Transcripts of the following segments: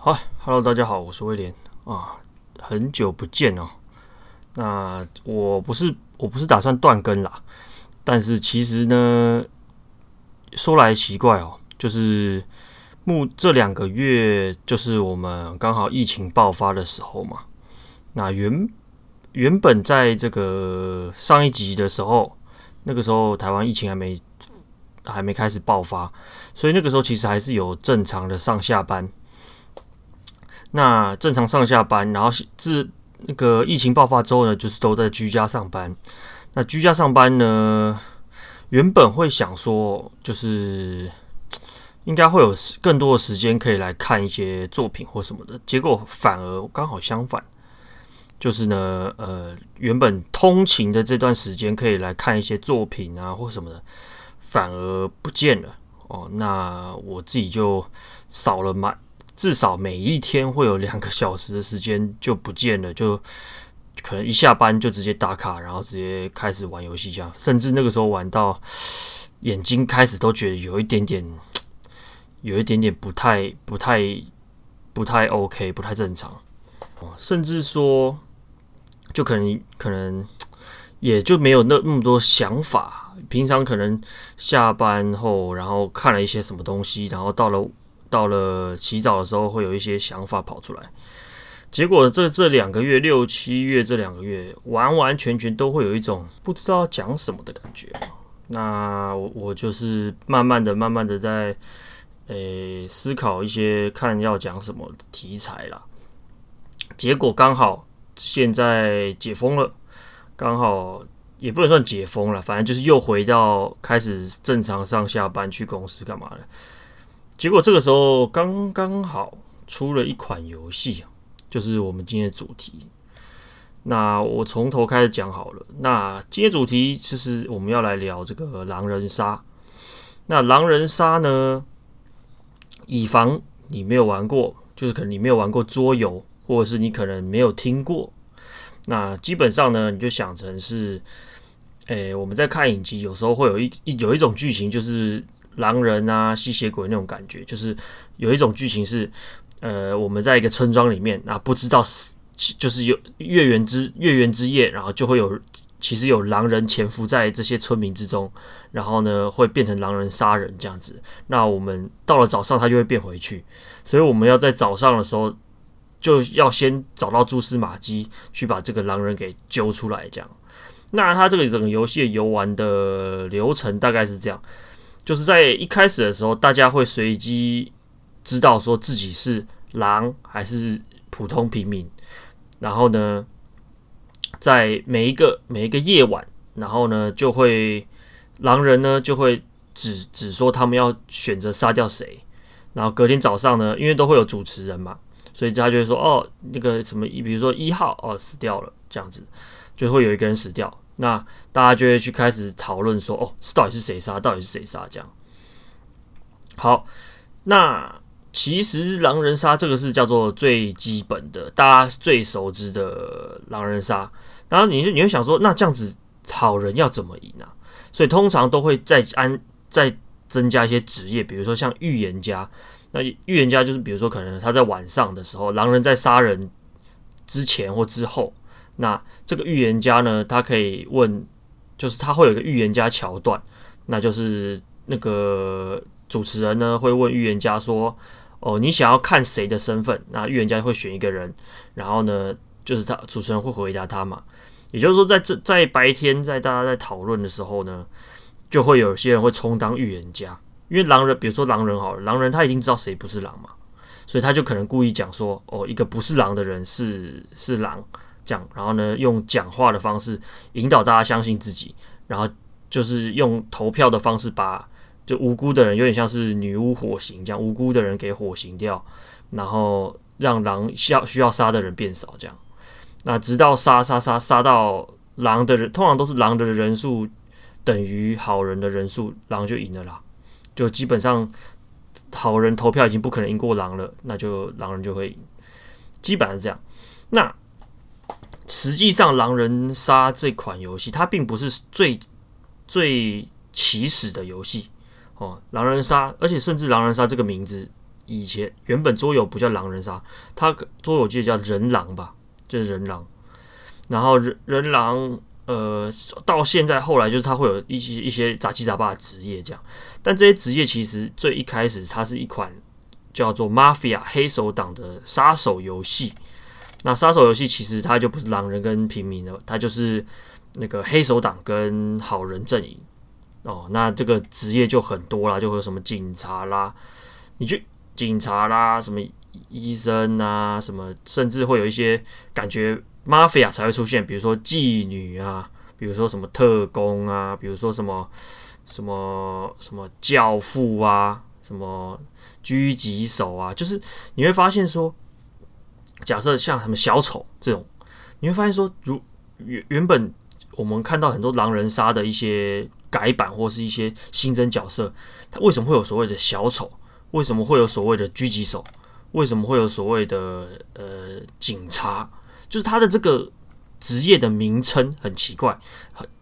好哈嘍，Hello, 大家好，我是威廉啊，很久不見哦。那我不是我不是打算斷更啦，但是其實呢，說來奇怪哦，就是目這兩個月就是我們剛好疫情爆發的時候嘛。那原原本在這個上一集的時候，那個時候台灣疫情還沒還沒開始爆發，所以那個時候其實還是有正常的上下班。那正常上下班，然後是自那個疫情爆發之後呢，就是都在居家上班。那居家上班呢，原本會想說，就是應該會有更多的時間可以來看一些作品或什麼的，結果反而剛好相反，就是呢，呃，原本通勤的這段時間可以來看一些作品啊或什麼的，反而不見了哦。那我自己就少了蠻。至少每一天會有兩個小時的時間就不見了，就可能一下班就直接打卡，然後直接開始玩遊戲這樣，甚至那個時候玩到眼睛開始都覺得有一點點，有一點點不太不太不太 OK，不太正常，甚至說就可能可能也就沒有那那麼多想法。平常可能下班後，然後看了一些什麼東西，然後到了。到了洗澡的時候，會有一些想法跑出來。結果這這兩個月，六七月這兩個月，完完全全都會有一種不知道講什麼的感覺。那我，我就是慢慢的、慢慢的在誒、欸、思考一些，看要講什麼題材啦。結果剛好現在解封了，剛好也不能算解封了，反正就是又回到開始正常上下班去公司幹嘛的。結果這個時候剛剛好出了一款遊戲，就是我們今天的主題。那我從頭開始講好了。那今天的主題就是我們要來聊這個狼人殺。那狼人殺呢？以防你沒有玩過，就是可能你沒有玩過桌遊，或者是你可能沒有聽過。那基本上呢，你就想成是，哎，我們在看影集，有時候會有一，一有一種劇情就是。狼人啊，吸血鬼那種感覺，就是有一種劇情是，呃，我們在一個村莊裡面，啊，不知道是，就是有月圓之月圓之夜，然後就會有，其實有狼人潛伏在這些村民之中，然後呢會變成狼人殺人這樣子。那我們到了早上，他就會變回去，所以我們要在早上的時候就要先找到蛛絲馬跡，去把這個狼人給揪出來。這樣，那他這個整個遊戲遊玩的流程大概是這樣。就是在一開始的時候，大家會隨機知道說自己是狼還是普通平民。然後呢，在每一個每一個夜晚，然後呢就會狼人呢就會只只說他們要選擇殺掉誰。然後隔天早上呢，因為都會有主持人嘛，所以就他就會說哦，那個什麼，比如說一號哦死掉了，這樣子就會有一個人死掉。那大家就會去開始討論說，哦，是到底是誰殺？到底是誰殺？這樣。好，那其實狼人殺這個是叫做最基本的，大家最熟知的狼人殺。然後你就你會想說，那這樣子好人要怎麼贏啊？所以通常都會再安再增加一些職業，比如說像預言家。那預言家就是比如說可能他在晚上的時候，狼人在殺人之前或之後。那這個預言家呢？他可以問，就是他會有個預言家橋段，那就是那個主持人呢會問預言家說：“哦，你想要看誰的身份？”那預言家會選一個人，然後呢，就是他主持人會回答他嘛。也就是說在，在這在白天，在大家在討論的時候呢，就會有些人會充當預言家，因為狼人，比如說狼人，好了，狼人他已經知道誰不是狼嘛，所以他就可能故意講說：“哦，一個不是狼的人是是狼。”講，然後呢，用講話的方式引導大家相信自己，然後就是用投票的方式把就無辜的人，有點像是女巫火刑這樣無辜的人給火刑掉，然後讓狼需要殺的人變少，這樣，那直到殺殺殺殺到狼的人，通常都是狼的人數等於好人的人數，狼就贏了啦，就基本上好人投票已經不可能贏過狼了，那就狼人就會贏，基本上是這樣，那。實際上，狼人殺這款遊戲它並不是最最起始的遊戲哦。狼人殺，而且甚至狼人殺這個名字以前原本桌遊不叫狼人殺，它桌遊就叫人狼吧，就是人狼。然後人人狼，呃，到現在後來就是它會有一些一些雜七雜八的職業這樣，但這些職業其實最一開始它是一款叫做 Mafia 黑手黨的殺手遊戲。那殺手遊戲其實它就不是狼人跟平民的，它就是那個黑手黨跟好人陣營哦。那這個職業就很多啦，就會有什麼警察啦，你去警察啦，什麼醫生啊，什麼甚至會有一些感覺 mafia 才會出現，比如說妓女啊，比如說什麼特工啊，比如說什麼什麼什麼教父啊，什麼狙擊手啊，就是你會發現說。假設像什麼小丑這種，你會發現說，如，如原原本我們看到很多狼人殺的一些改版或是一些新增角色，他為什麼會有所謂的小丑？為什麼會有所謂的狙擊手？為什麼會有所謂的呃警察？就是他的這個職業的名稱很奇怪，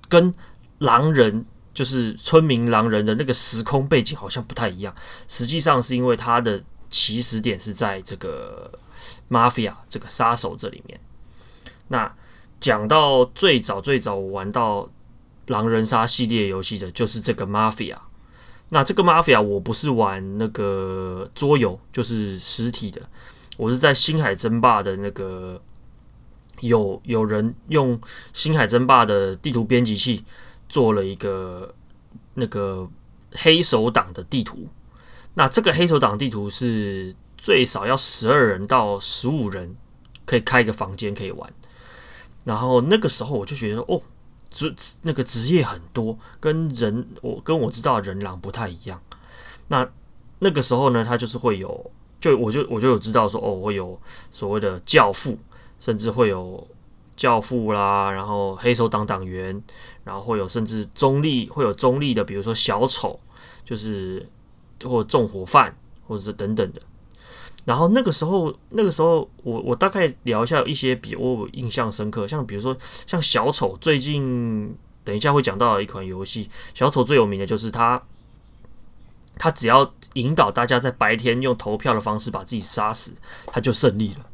跟狼人就是村民狼人的那個時空背景好像不太一樣。實際上是因為他的起始點是在這個。Mafia 這個殺手這裡面，那講到最早最早我玩到狼人殺系列遊戲的就是這個 Mafia。那這個 Mafia 我不是玩那個桌遊，就是實體的。我是在星海爭霸的那個，有有人用星海爭霸的地圖編輯器做了一個那個黑手黨的地圖。那這個黑手黨地圖是。最少要十二人到十五人可以開一個房間可以玩，然後那個時候我就覺得哦，職那個職業很多，跟人我跟我知道的人狼不太一樣。那那個時候呢，他就是會有，就我就我就有知道說哦，我有所謂的教父，甚至會有教父啦，然後黑手黨黨員，然後會有甚至中立，會有中立的，比如說小丑，就是或者縱火犯，或者是等等的。然後那個時候，那個時候我我大概聊一下一些比我印象深刻，像比如說像小丑，最近等一下會講到一款遊戲，小丑最有名的就是他，他只要引導大家在白天用投票的方式把自己殺死，他就勝利了。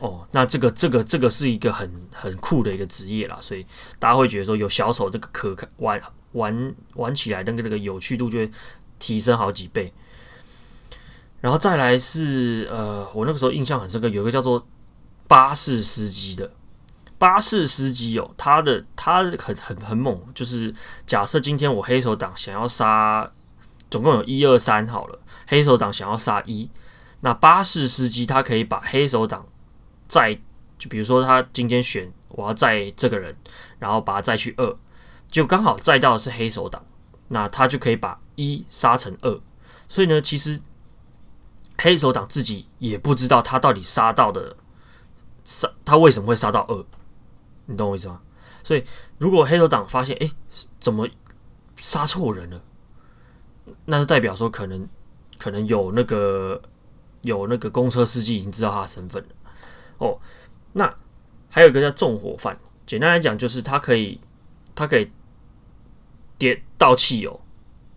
哦，那這個這個這個是一個很很酷的一個職業啦，所以大家會覺得說有小丑這個可玩玩玩起來那個那個有趣度就會提升好幾倍。然後再來是呃，我那個時候印象很深刻，有一個叫做巴士司機的巴士司機哦，他的他的很很很猛，就是假設今天我黑手黨想要殺，總共有一二三好了，黑手黨想要殺一，那巴士司機他可以把黑手黨載，就比如說他今天選我要載這個人，然後把他載去二，就剛好載到的是黑手黨，那他就可以把一殺成二，所以呢，其實。黑手黨自己也不知道他到底殺到的殺他為什麼會殺到二，你懂我意思嗎？所以如果黑手黨發現，誒、欸，怎麼殺錯人了，那就代表說可能可能有那個有那個公車司機已經知道他的身份了。哦，那還有一個叫縱火犯，簡單來講就是他可以他可以點倒汽油，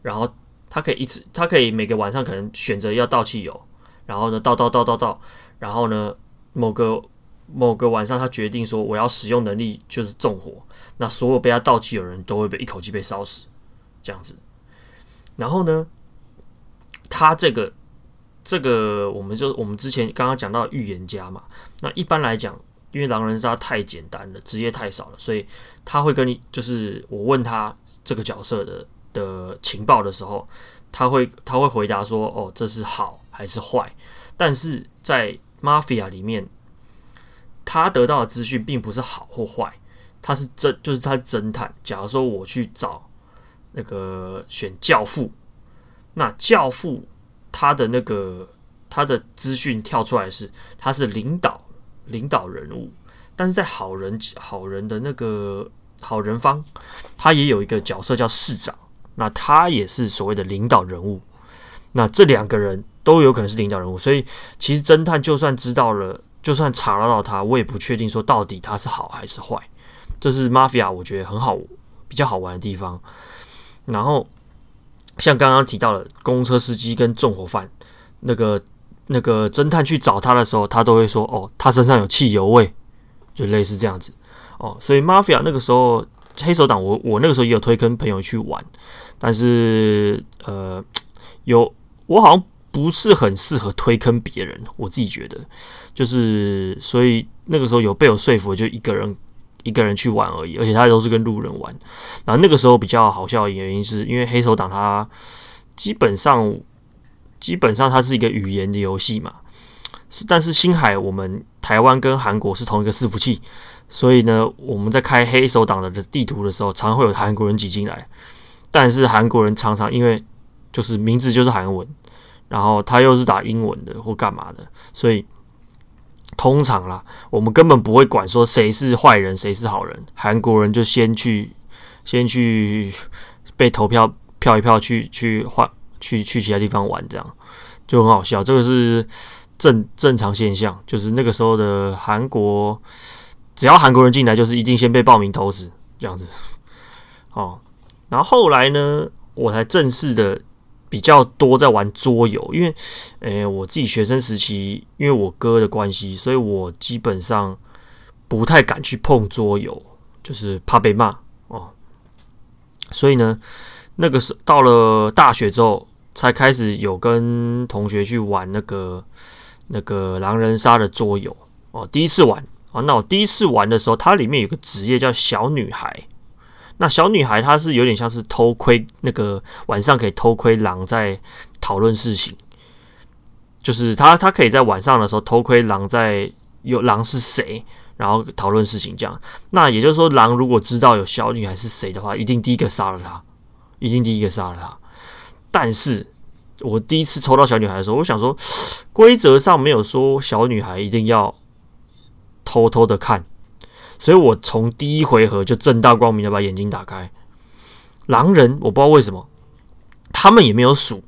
然後。他可以一直，他可以每個晚上可能選擇要倒汽油，然後呢，倒倒倒倒倒，然後呢，某個某個晚上他決定說我要使用能力就是縱火，那所有被他倒汽油的人都會被一口氣被燒死，這樣子。然後呢，他這個這個我們就我們之前剛剛講到的預言家嘛，那一般來講，因為狼人殺太簡單了，職業太少了，所以他會跟你，就是我問他這個角色的。的情報的時候，他會他會回答說：“哦，這是好還是壞？”但是在 Mafia 裡面，他得到的資訊並不是好或壞，他是偵就是他是偵探。假如說我去找那個選教父，那教父他的那個他的資訊跳出來是他是領導領導人物，但是在好人好人的那個好人方，他也有一個角色叫市長。那他也是所謂的領導人物，那這兩個人都有可能是領導人物，所以其實偵探就算知道了，就算查到他，我也不確定說到底他是好還是壞。這是 mafia 我覺得很好，比較好玩的地方。然後像剛剛提到的，公車司機跟縱火犯，那個那個偵探去找他的時候，他都會說：“哦，他身上有汽油味。”就類似這樣子。哦，所以 mafia 那個時候。黑手黨我，我我那個時候也有推坑朋友去玩，但是呃，有我好像不是很適合推坑別人，我自己覺得，就是所以那個時候有被我說服，就一個人一個人去玩而已，而且他都是跟路人玩。然後那個時候比較好笑的原因是，是因為黑手黨它基本上基本上它是一個語言的遊戲嘛，但是星海我們台灣跟韓國是同一個伺服器。所以呢，我們在開黑手黨的地圖的時候，常常會有韓國人擠進來。但是韓國人常常因為就是名字就是韓文，然後他又是打英文的或幹嘛的，所以通常啦，我們根本不會管說誰是壞人，誰是好人。韓國人就先去先去被投票票一票去去換去去其他地方玩，這樣就很好笑。這個是正正常現象，就是那個時候的韓國。只要韓國人進來，就是一定先被報名投死這樣子。哦，然後後來呢，我才正式的比較多在玩桌遊，因為，哎、欸，我自己學生時期，因為我哥的關係，所以我基本上不太敢去碰桌遊，就是怕被罵哦。所以呢，那個時候到了大學之後，才開始有跟同學去玩那個那個狼人殺的桌遊哦，第一次玩。那我第一次玩的時候，它裡面有個職業叫小女孩。那小女孩她是有點像是偷窺，那個晚上可以偷窺狼在討論事情，就是她她可以在晚上的時候偷窺狼在有狼是誰，然後討論事情這樣。那也就是說，狼如果知道有小女孩是誰的話，一定第一個殺了她，一定第一個殺了她。但是我第一次抽到小女孩的時候，我想說，規則上沒有說小女孩一定要。偷偷的看，所以我從第一回合就正大光明的把眼睛打開。狼人我不知道為什麼，他們也沒有數，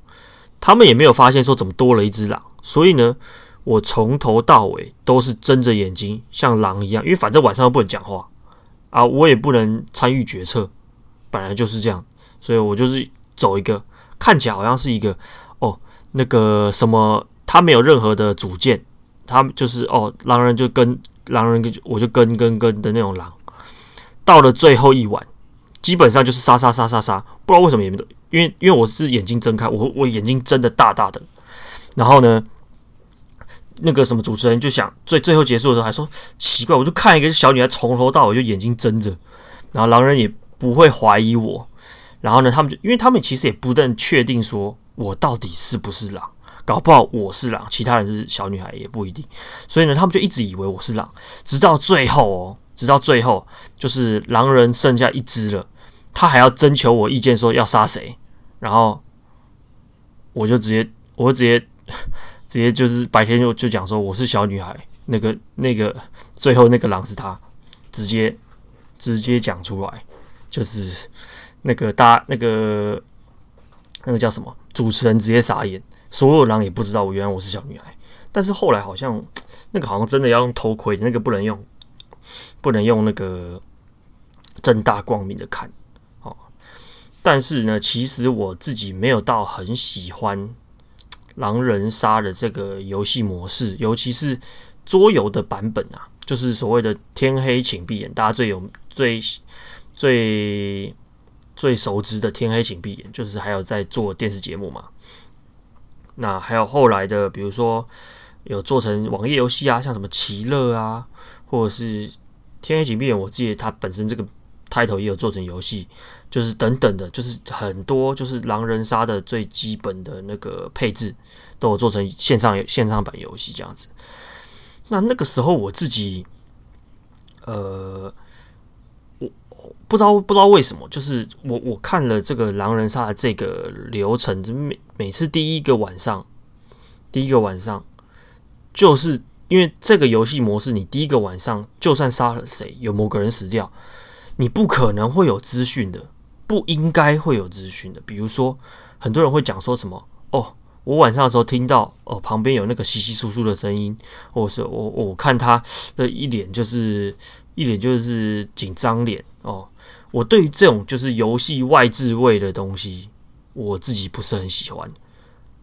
他們也沒有發現說怎麼多了一隻狼。所以呢，我從頭到尾都是睜着眼睛，像狼一樣，因為反正晚上又不能講話啊，我也不能參與決策，本來就是這樣，所以我就是走一個看起來好像是一個哦，那個什麼他沒有任何的主見，他就是哦，狼人就跟。狼人跟我就跟跟跟的那種狼，到了最後一晚，基本上就是殺殺殺殺殺。不知道為什麼也沒，因為因為我是眼睛睜開，我我眼睛睜得大大的。然後呢，那個什麼主持人就想最最後結束的時候還說奇怪，我就看一個小女孩從頭到尾就眼睛睜着，然後狼人也不會懷疑我。然後呢，他們就因為他們其實也不能確定說我到底是不是狼。搞不好我是狼，其他人是小女孩也不一定。所以呢，他們就一直以為我是狼，直到最後哦，直到最後就是狼人剩下一隻了，他還要徵求我意見說要殺誰，然後我就直接，我直接，直接就是白天就就講說我是小女孩，那個那個最後那個狼是他，直接直接講出來，就是那個大那個那個叫什麼主持人直接傻眼。所有狼也不知道我原來我是小女孩，但是後來好像那個好像真的要用頭盔，那個不能用，不能用那個正大光明的看哦。但是呢，其實我自己沒有到很喜歡狼人殺的這個遊戲模式，尤其是桌遊的版本啊，就是所謂的“天黑請閉眼”，大家最有最最最熟知的“天黑請閉眼”，就是還有在做電視節目嘛。那還有後來的，比如說有做成網頁遊戲啊，像什麼奇樂啊，或者是《天黑請閉眼》，我記得它本身這個 title 也有做成遊戲，就是等等的，就是很多就是狼人殺的最基本的那個配置，都有做成線上線上版遊戲這樣子。那那個時候我自己，呃。不知道不知道為什麼，就是我我看了這個狼人殺的這個流程，每每次第一個晚上，第一個晚上，就是因為這個遊戲模式，你第一個晚上就算殺了誰，有某個人死掉，你不可能會有資訊的，不應該會有資訊的。比如說，很多人會講說什麼哦，我晚上的時候聽到哦旁邊有那個窸窸窣窣的聲音，或者是我我看他的一臉就是。一點就是緊張臉哦。我對於這種就是遊戲外置位的東西，我自己不是很喜歡。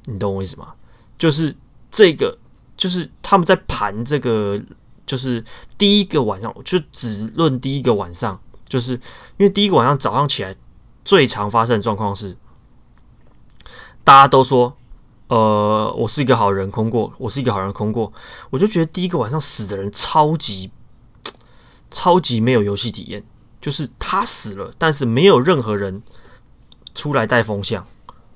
你懂我意思嗎？就是這個，就是他們在盤這個，就是第一個晚上，我就只論第一個晚上，就是因為第一個晚上早上起來最常發生的狀況是，大家都說，呃，我是一個好人空過，我是一個好人空過，我就覺得第一個晚上死的人超級。超級沒有遊戲體驗，就是他死了，但是沒有任何人出來帶風向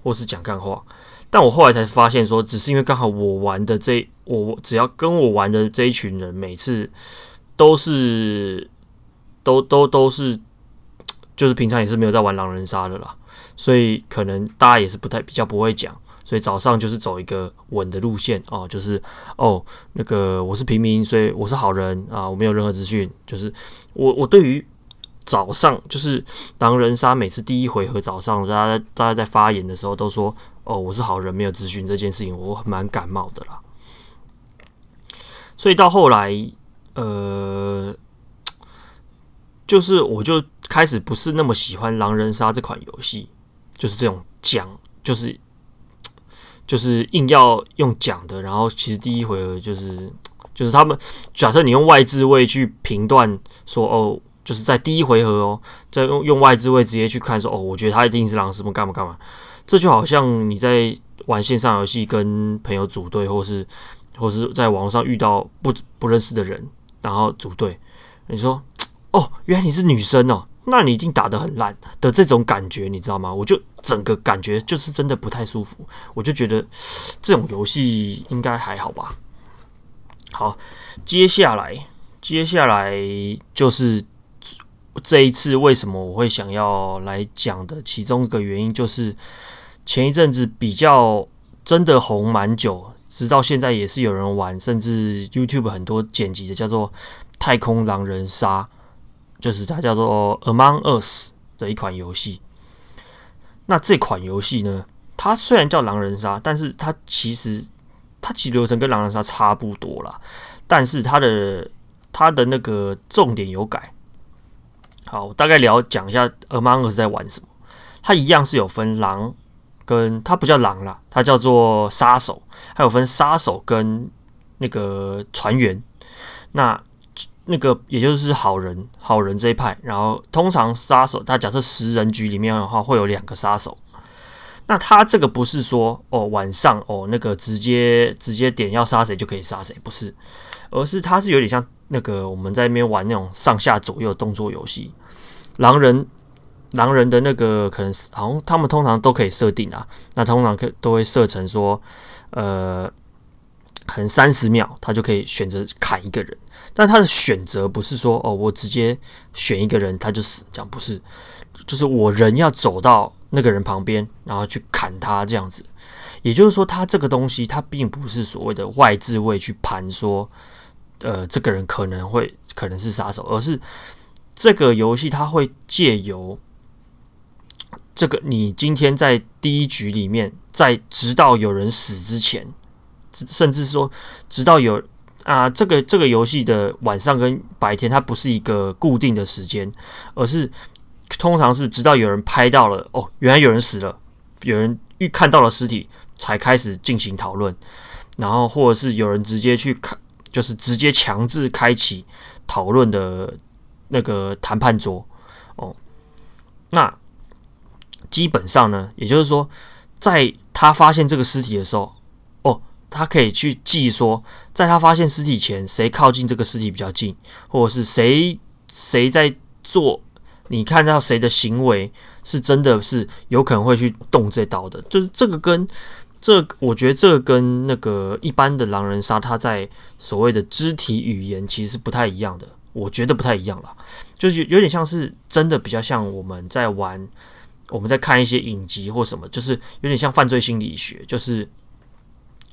或是講幹話。但我後來才發現說只是因為剛好我玩的這，我只要跟我玩的這一群人，每次都是都都都是，就是平常也是沒有在玩狼人殺的啦，所以可能大家也是不太，比較不會講。所以早上就是走一個穩的路線哦、啊，就是哦，那個我是平民，所以我是好人啊，我沒有任何資訊。就是我我對於早上就是狼人殺每次第一回合早上大家在大家在發言的時候都說哦，我是好人，沒有資訊這件事情，我蠻感冒的啦。所以到後來，呃，就是我就開始不是那麼喜歡狼人殺這款遊戲，就是這種講就是。就是硬要用講的，然後其實第一回合就是，就是他們假設你用外置位去評斷說哦，就是在第一回合哦，再用用外置位直接去看說哦，我覺得他一定是狼，什麼幹嘛幹嘛，這就好像你在玩線上遊戲跟朋友組隊，或是或是在網絡上遇到不不認識的人，然後組隊，你說哦，原來你是女生哦。那你一定打得很爛的這種感覺，你知道嗎？我就整個感覺就是真的不太舒服，我就覺得這種遊戲應該還好吧。好，接下來接下來就是這一次為什麼我會想要來講的其中一個原因，就是前一陣子比較真的紅蠻久，直到現在也是有人玩，甚至 YouTube 很多剪輯的叫做《太空狼人殺》。就是它叫做《Among Us》的一款遊戲。那這款遊戲呢，它雖然叫狼人殺，但是它其實它其實流程跟狼人殺差不多啦，但是它的它的那個重點有改。好，我大概聊講一下《Among Us》在玩什麼。它一樣是有分狼跟、跟它不叫狼啦，它叫做殺手，還有分殺手跟那個船員。那那個也就是好人，好人這一派。然後通常殺手，他假設十人局裡面的話會有兩個殺手。那他這個不是說哦晚上哦那個直接直接點要殺誰就可以殺誰，不是，而是他是有點像那個我們在那邊玩那種上下左右動作遊戲，狼人狼人的那個可能好像他們通常都可以設定啊，那通常可都會設成說呃可能三十秒他就可以選擇砍一個人。但他的選擇不是說哦，我直接選一個人他就死，這樣不是，就是我人要走到那個人旁邊，然後去砍他這樣子。也就是說，他這個東西，他並不是所謂的外置位去盤說，呃，這個人可能會可能是殺手，而是這個遊戲他會借由這個你今天在第一局裡面，在直到有人死之前，甚至說直到有。啊，這個這個遊戲的晚上跟白天，它不是一個固定的時間，而是通常是直到有人拍到了哦，原來有人死了，有人預看到了屍體，才開始進行討論，然後或者是有人直接去看，就是直接強制開啟討論的那個談判桌哦。那基本上呢，也就是說，在他發現這個屍體的時候。他可以去記說，在他發現屍體前，誰靠近這個屍體比較近，或者是誰誰在做，你看到誰的行為是真的是有可能會去動這刀的。就是這個跟這個，我覺得這個跟那個一般的狼人殺，他在所謂的肢體語言其實是不太一樣的，我覺得不太一樣了。就是有點像是真的比較像我們在玩，我們在看一些影集或什麼，就是有點像犯罪心理學，就是。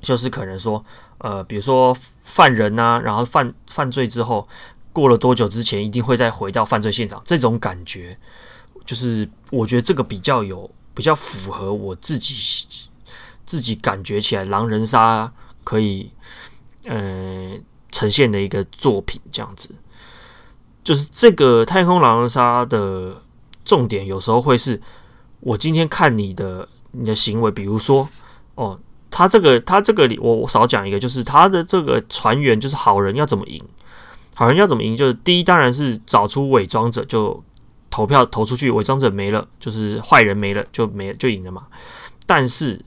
就是可能說，呃，比如說犯人吶、啊，然後犯犯罪之後，過了多久之前，一定會再回到犯罪現場，這種感覺，就是我覺得這個比較有，比較符合我自己自己感覺起來，狼人殺可以呃呈現的一個作品這樣子。就是這個太空狼人殺的重點，有時候會是，我今天看你的你的行為，比如說哦，他這個，他這個裡我少講一個，就是他的這個船員就是好人要怎麼贏，好人要怎麼贏？就是第一當然是找出偽裝者就投票投出去，偽裝者沒了就是壞人沒了就沒就贏了嘛。但是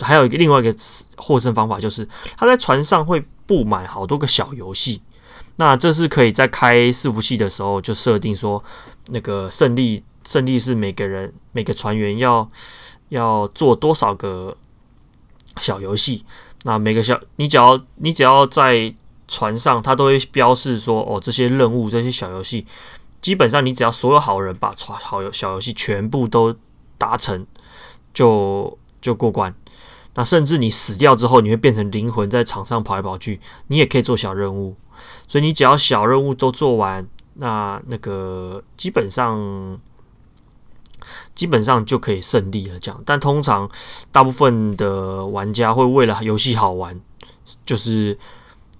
還有一個另外一個獲勝方法，就是他在船上會布滿好多個小遊戲，那這是可以在開伺服器的時候就設定說，那個勝利勝利是每個人每個船員要要做多少個。小遊戲，那每個小你只要你只要在船上，它都會標示說哦，這些任務這些小遊戲，基本上你只要所有好人把船好游小遊戲全部都達成，就就過關。那甚至你死掉之後，你會變成靈魂在場上跑來跑去，你也可以做小任務。所以你只要小任務都做完，那那個基本上。基本上就可以勝利了。這樣，但通常大部分的玩家會為了遊戲好玩，就是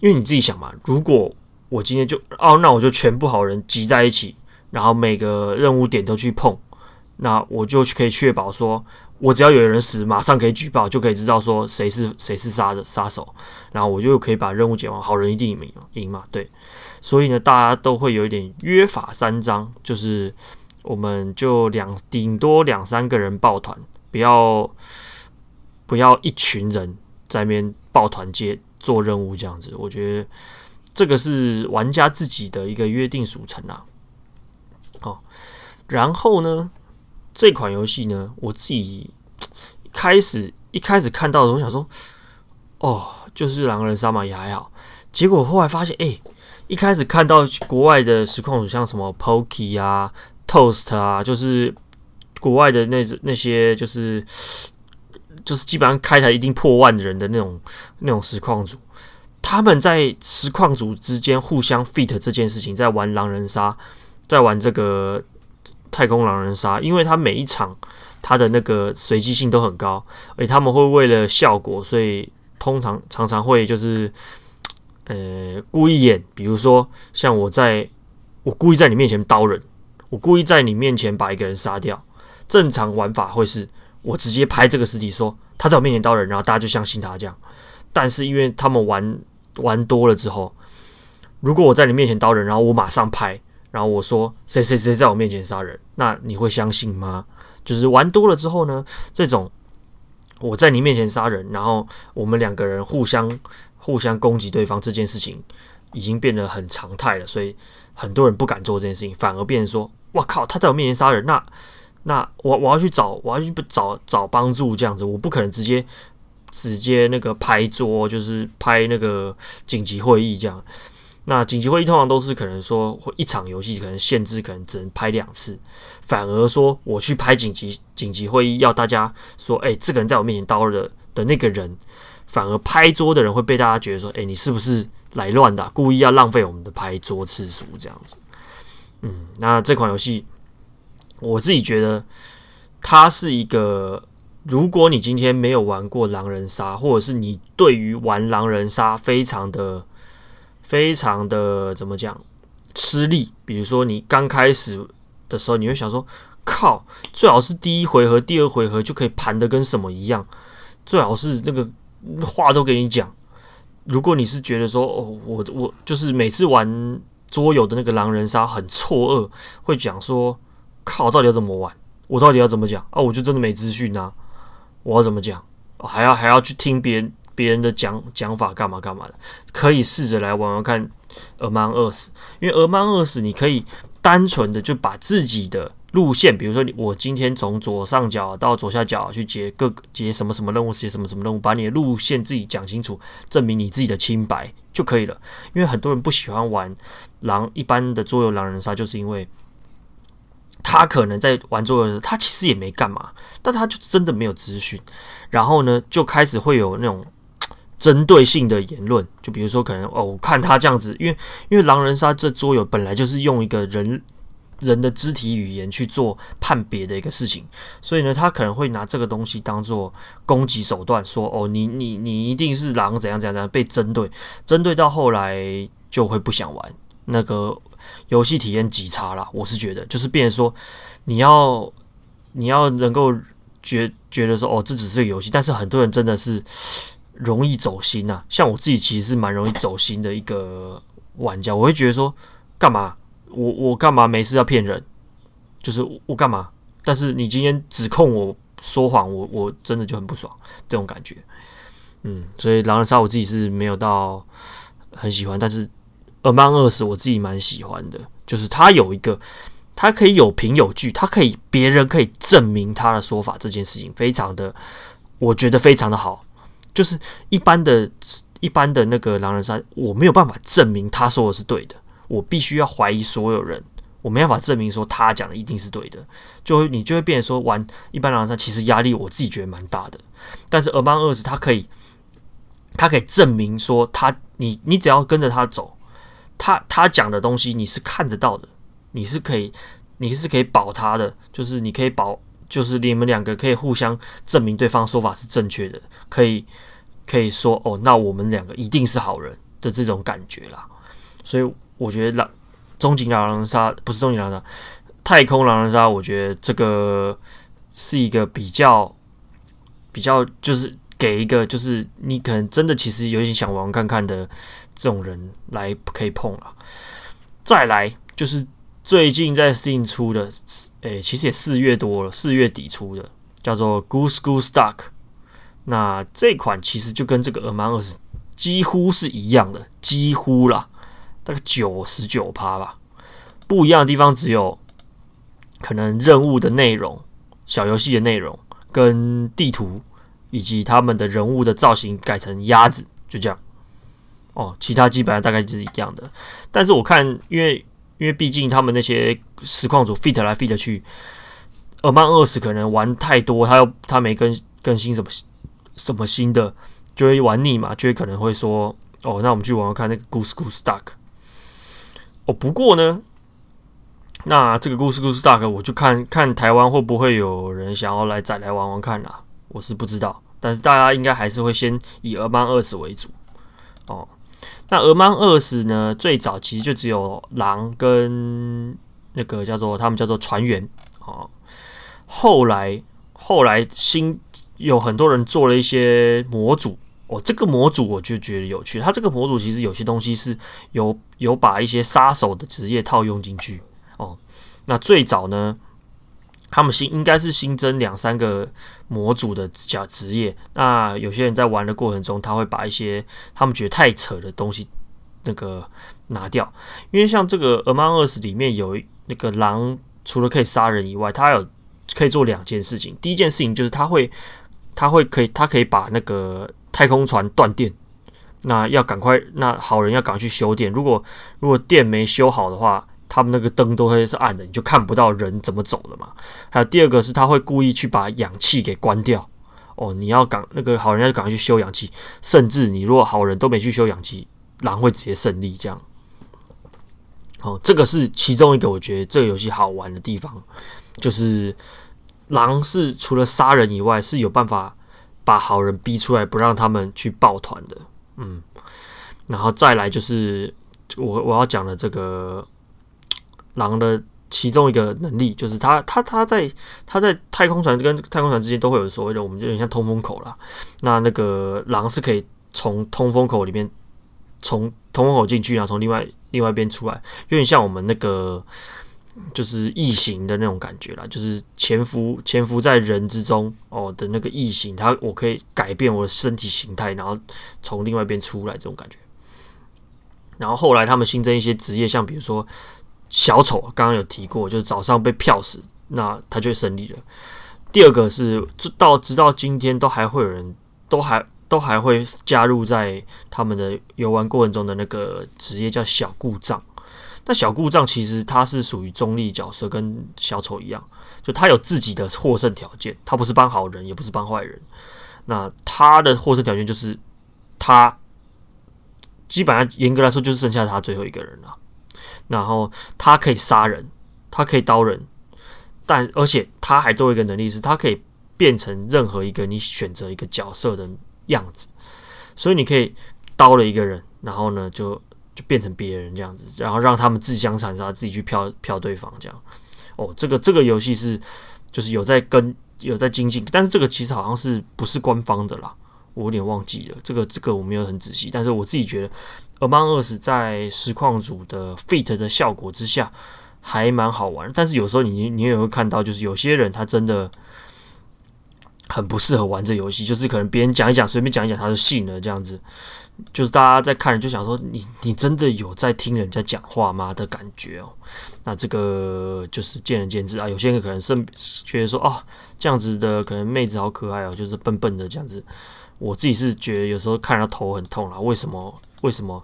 因為你自己想嘛。如果我今天就哦，那我就全部好人集在一起，然後每個任務點都去碰，那我就可以確保說，我只要有人死，馬上可以舉報，就可以知道說誰是誰是殺的殺手。然後我就可以把任務解完，好人一定贏贏嘛。對，所以呢，大家都會有一點約法三章，就是。我們就兩，頂多兩三個人抱團，不要不要一群人在面抱團接做任務這樣子。我覺得這個是玩家自己的一個約定俗成啦、啊。好、哦，然後呢，這款遊戲呢，我自己一開始一開始看到，的時候我想說，哦，就是狼人殺嘛，也還好。結果後來發現，哎、欸，一開始看到國外的實況像什麼 Pokey 啊。Toast 啊，就是國外的那那些就是就是基本上開台一定破萬人的那種那種實況主，他們在實況主之間互相 feed 這件事情，在玩狼人殺，在玩這個太空狼人殺，因為他每一場他的那個隨機性都很高，而且他們會為了效果，所以通常常常會就是呃故意演，比如說像我在我故意在你面前刀人。我故意在你面前把一個人殺掉，正常玩法會是我直接拍這個屍體說，說他在我面前刀人，然後大家就相信他這樣。但是因為他們玩玩多了之後，如果我在你面前刀人，然後我馬上拍，然後我說誰誰誰在我面前殺人，那你會相信嗎？就是玩多了之後呢，這種我在你面前殺人，然後我們兩個人互相互相攻擊對方這件事情，已經變得很常態了，所以。很多人不敢做這件事情，反而變成說：“我靠，他在我面前殺人，那那我我要去找，我要去找找幫助這樣子，我不可能直接直接那個拍桌，就是拍那個緊急會議這樣。”那緊急會議通常都是可能說一場遊戲可能限制可能只能拍兩次，反而說我去拍緊急緊急會議，要大家說，誒，這個人在我面前刀了的那個人，反而拍桌的人會被大家覺得說，誒，你是不是來亂的，故意要浪費我們的拍桌次數這樣子。嗯，那這款遊戲，我自己覺得它是一個，如果你今天沒有玩過狼人殺，或者是你對於玩狼人殺非常的。非常的怎麼講吃力？比如說你剛開始的時候，你會想說，靠，最好是第一回合、第二回合就可以盤得跟什麼一樣，最好是那個話都給你講。如果你是覺得說，哦，我我就是每次玩桌遊的那個狼人殺很錯愕，會講說，靠，到底要怎麼玩？我到底要怎麼講？啊，我就真的沒資訊啊，我要怎麼講？還要還要去聽別人。別人的講講法幹嘛幹嘛的，可以試着來玩玩看。Among Us，因為 Among Us，你可以單純的就把自己的路線，比如說我今天從左上角到左下角去接各個接什麼什麼任務，接什麼什麼任務，把你的路線自己講清楚，證明你自己的清白就可以了。因為很多人不喜歡玩狼，一般的桌遊狼人殺，就是因為他可能在玩桌遊的時候，他其實也沒幹嘛，但他就真的沒有資訊，然後呢，就開始會有那種。針對性的言論，就比如說，可能哦，我看他這樣子，因為因為狼人殺這桌遊本來就是用一個人人的肢體語言去做判別的一個事情，所以呢，他可能會拿這個東西當做攻擊手段，說哦，你你你一定是狼，怎樣怎樣怎樣被針對，針對到後來就會不想玩，那個遊戲體驗極差啦。我是覺得，就是變成說你要你要能夠覺覺得說哦，這只是個遊戲，但是很多人真的是。容易走心吶，像我自己其實是蠻容易走心的一個玩家。我會覺得說，幹嘛我我幹嘛沒事要騙人？就是我，我幹嘛？但是你今天指控我說謊，我我真的就很不爽這種感覺。嗯，所以《狼人殺》我自己是沒有到很喜歡，但是《Among Us》我自己蠻喜歡的，就是他有一個他可以有憑有據，他可以別人可以證明他的說法，這件事情非常的我覺得非常的好。就是一般的、一般的那個狼人殺，我沒有辦法證明他說的是對的，我必須要懷疑所有人。我沒辦法證明說他講的一定是對的，就會，你就會變成說玩一般狼人殺其實壓力我自己覺得蠻大的。但是 Among Us 他可以，他可以證明說他，你你只要跟着他走，他他講的東西你是看得到的，你是可以你是可以保他的，就是你可以保。就是你們兩個可以互相證明對方說法是正確的，可以可以說哦，那我們兩個一定是好人”的這種感覺啦。所以我覺得《終極狼人殺》不是《終極狼人殺》，《太空狼人殺》，我覺得這個是一個比較比較，就是給一個就是你可能真的其實有點想玩，玩看看的這種人來可以碰啊。再來就是最近在 Steam 出的。誒、欸，其實也四月多了，四月底出的，叫做 Goose Goose Duck。那這款其實就跟這個 Among Us 幾乎是一樣的，幾乎啦，大概九十九趴吧。不一樣的地方只有可能任務的內容、小遊戲的內容、跟地圖，以及他們的人物的造型改成鴨子，就這樣。哦，其他基本上大概就是一樣的。但是我看，因為因為畢竟他們那些實況主 fit 來 fit 去，Among Us 可能玩太多，他又他沒更更新什麼什麼新的，就會玩膩嘛，就會可能會說哦，那我們去玩玩看那個 Goose Goose Duck。哦，不過呢，那這個 Goose Goose Duck，我就看看台灣會不會有人想要來載來玩玩看啦，啊，我是不知道，但是大家應該還是會先以 Among Us 為主，哦。那 Among Us 呢，最早其實就只有狼跟那個叫做他們叫做船員哦。後來，後來新有很多人做了一些模組。哦，這個模組我就覺得有趣，它這個模組其實有些東西是有有把一些殺手的職業套用進去哦。那最早呢？他們新應該是新增兩三個模組的假職業。那有些人在玩的過程中，他會把一些他們覺得太扯的東西那個拿掉。因為像這個《Among Us》裡面有那個狼，除了可以殺人以外，他有可以做兩件事情。第一件事情就是他會，他會可以，他可以把那個太空船斷電。那要趕快，那好人要趕快去修電。如果如果電沒修好的話，他們那個燈都會是暗的，你就看不到人怎麼走的嘛。還有第二個是，他會故意去把氧氣給關掉。哦，你要趕那個好人，就趕快去修氧氣。甚至你如果好人都沒去修氧氣，狼會直接勝利。這樣，哦，這個是其中一個我覺得這個遊戲好玩的地方，就是狼是除了殺人以外，是有辦法把好人逼出來，不讓他們去抱團的。嗯，然後再來就是我我要講的這個。狼的其中一個能力就是，它、它、它在它在太空船跟太空船之間都會有所謂的，我們就有點像通風口啦。那那個狼是可以從通風口裡面，從通風口進去，然後從另外另外一邊出來，有點像我們那個就是異形的那種感覺啦，就是潛伏潛伏在人之中哦的那個異形。它我可以改變我的身體型態，然後從另外一邊出來這種感覺。然後後來他們新增一些職業，像比如說。小丑剛剛有提過，就是早上被票死，那他就會勝利了。第二個是，直到直到今天都還會有人，都還都還會加入在他們的遊玩過程中的那個職業叫小故障。那小故障其實他是屬於中立角色，跟小丑一樣，就他有自己的獲勝條件，他不是幫好人，也不是幫壞人。那他的獲勝條件就是他基本上嚴格來說就是剩下他最後一個人了啊。然後他可以殺人，他可以刀人，但而且他還多有一個能力是，他可以變成任何一個你選擇一個角色的樣子。所以你可以刀了一個人，然後呢就就變成別人這樣子，然後讓他們自相殘殺，自己去票票對方這樣。哦，這個這個遊戲是就是有在跟有在精進，但是這個其實好像是不是官方的啦，我有點忘記了，這個這個我沒有很仔細，但是我自己覺得。《Among Us》在實況組的 feat 的效果之下還蠻好玩，但是有時候你你也會看到，就是有些人他真的很不適合玩這遊戲，就是可能別人講一講，隨便講一講，他就信了這樣子。就是大家在看人，就想說你你真的有在聽人家講話嗎的感覺哦。那這個就是見仁見智啊。有些人可能甚至覺得說，哦這樣子的可能妹子好可愛哦，就是笨笨的這樣子。我自己是覺得有時候看人頭很痛啦，啊，為什麼？為什麼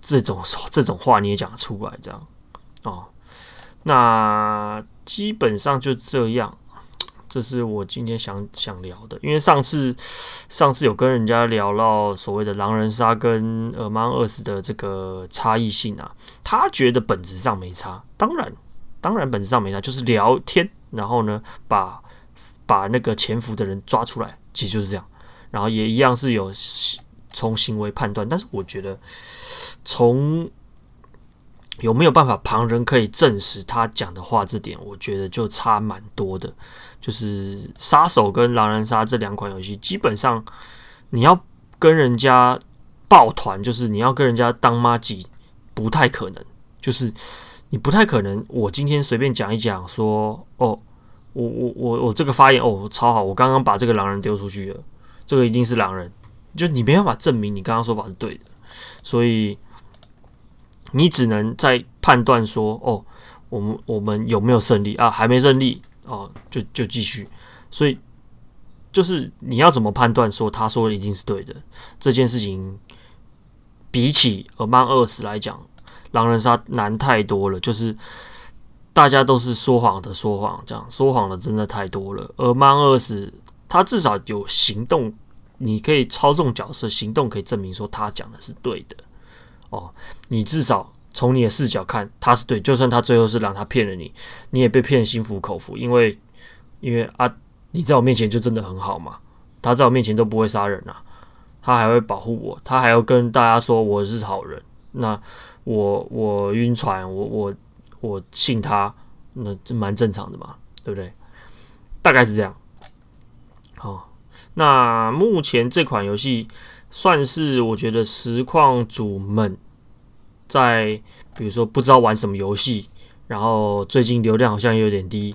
這種說這種話你也講得出來這樣？哦，那基本上就這樣，這是我今天想想聊的。因為上次上次有跟人家聊到所謂的狼人殺跟呃 Among Us 的這個差異性啊，他覺得本質上沒差。當然，當然本質上沒差，就是聊天，然後呢，把把那個潛伏的人抓出來，其實就是這樣，然後也一樣是有。從行為判斷，但是我覺得，從有沒有辦法旁人可以證實他講的話，這點我覺得就差蠻多的。就是殺手跟狼人殺這兩款遊戲，基本上你要跟人家抱團，就是你要跟人家當麻吉，不太可能。就是你不太可能，我今天隨便講一講說，哦，我我我我這個發言哦超好，我剛剛把這個狼人丟出去了，這個一定是狼人。就你沒辦法證明你剛剛說法是對的，所以你只能在判斷說，哦，我們我們有沒有勝利啊？還沒勝利哦，啊，就就繼續。所以就是你要怎麼判斷說他說的一定是對的這件事情，比起 Among Us 來講，狼人殺難太多了。就是大家都是說謊的，說謊這樣說謊的真的太多了。Among Us 他至少有行動。你可以操縱角色行動，可以證明說他講的是對的哦。你至少從你的視角看他是對，就算他最後是讓他騙了你，你也被騙心服口服，因為因為啊，你在我面前就真的很好嘛。他在我面前都不會殺人啊，他還會保護我，他還要跟大家說我是好人。那我我暈船，我我我信他，那這蠻正常的嘛，對不對？大概是這樣。那目前這款遊戲算是我覺得實況主們在，比如說不知道玩什麼遊戲，然後最近流量好像有點低，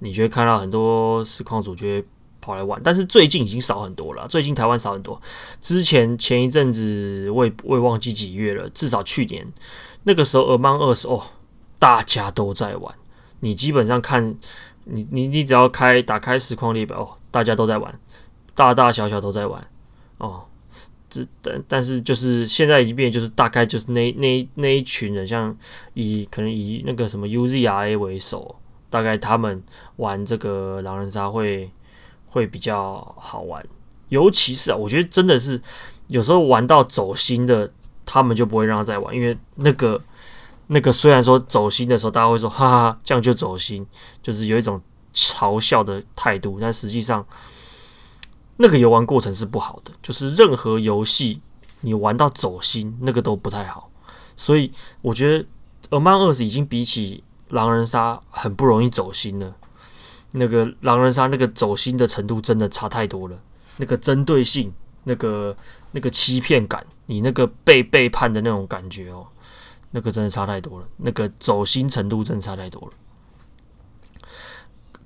你就會看到很多實況主就會跑來玩，但是最近已經少很多了。最近台灣少很多，之前前一陣子我也我也忘記幾月了，至少去年那個時候《Among Us》哦，大家都在玩。你基本上看，你你你只要開打開實況列表，哦，大家都在玩。大大小小都在玩，哦，這但但是就是現在已經變，就是大概就是那那那一群人，像以可能以那個什麼 UZI 為首，大概他們玩這個狼人殺會會比較好玩，尤其是啊，我覺得真的是有時候玩到走心的，他們就不會讓他再玩，因為那個那個雖然說走心的時候，大家會說哈哈，這樣就走心，就是有一種嘲笑的態度，但實際上。那個遊玩過程是不好的，就是任何遊戲你玩到走心，那個都不太好。所以我覺得《Among Us》已經比起狼人殺很不容易走心了。那個狼人殺那個走心的程度真的差太多了，那個針對性、那個那個欺騙感，你那個被背叛的那種感覺哦，那個真的差太多了，那個走心程度真的差太多了。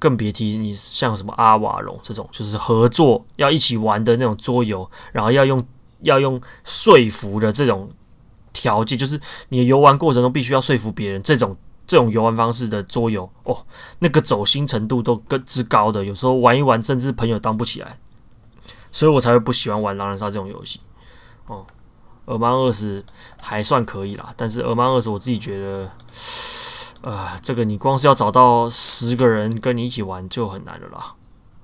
更別提你像什麼阿瓦隆這種，就是合作要一起玩的那種桌遊，然後要用要用說服的這種條件，就是你遊玩過程中必須要說服別人這，這種這種遊玩方式的桌遊，哦，那個走心程度都更之高的，的有時候玩一玩，甚至朋友當不起來，所以我才會不喜歡玩狼人殺這種遊戲。哦，Among Us 還算可以啦，但是 Among Us 我自己覺得。呃，這個你光是要找到十個人跟你一起玩就很難了啦，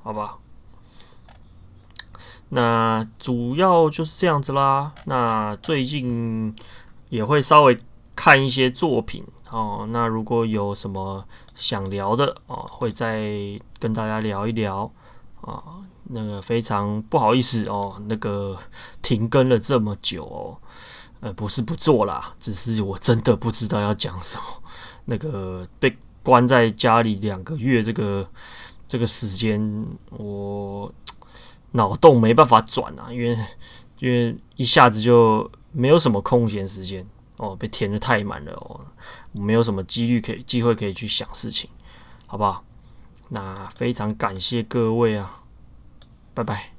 好吧？那主要就是這樣子啦。那最近也會稍微看一些作品哦。那如果有什麼想聊的哦，會再跟大家聊一聊啊，哦。那個非常不好意思哦，那個停更了這麼久哦，呃，不是不做啦，只是我真的不知道要講什麼。那個被關在家裡兩個月，這個，這個這個時間，我腦洞沒辦法轉啊，因為因為一下子就沒有什麼空閒時間哦，被填得太滿了哦，沒有什麼機率可以機會可以去想事情，好不好？那非常感謝各位啊，拜拜。